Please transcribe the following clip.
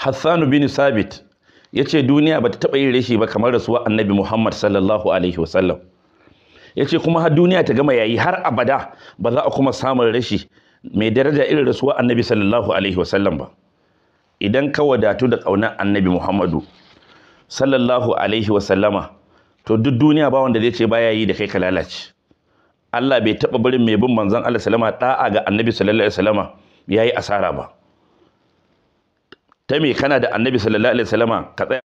Hassanu bin Sabit ya ce duniya bata ta taɓa yin rashi ba kamar rasuwa annabi Muhammad sallallahu Alaihi wasallam. Ya ce kuma har duniya ta gama yayi har abada ba za a kuma samun rashi mai daraja irin rasuwa annabi sallallahu Alaihi wasallam ba. Idan ka wadatu da ƙaunar annabi Muhammadu sallallahu Alaihi wasallama to duk duniya ba wanda zai ce baya yi da kai ka lalace. Allah bai taɓa barin mai bin manzon Allah sallama ɗa'a ga annabi sallallahu Alaihi wasallama ya yi asara ba. ta me kana da annabi sallallahu alaihi wasallama ka tsaya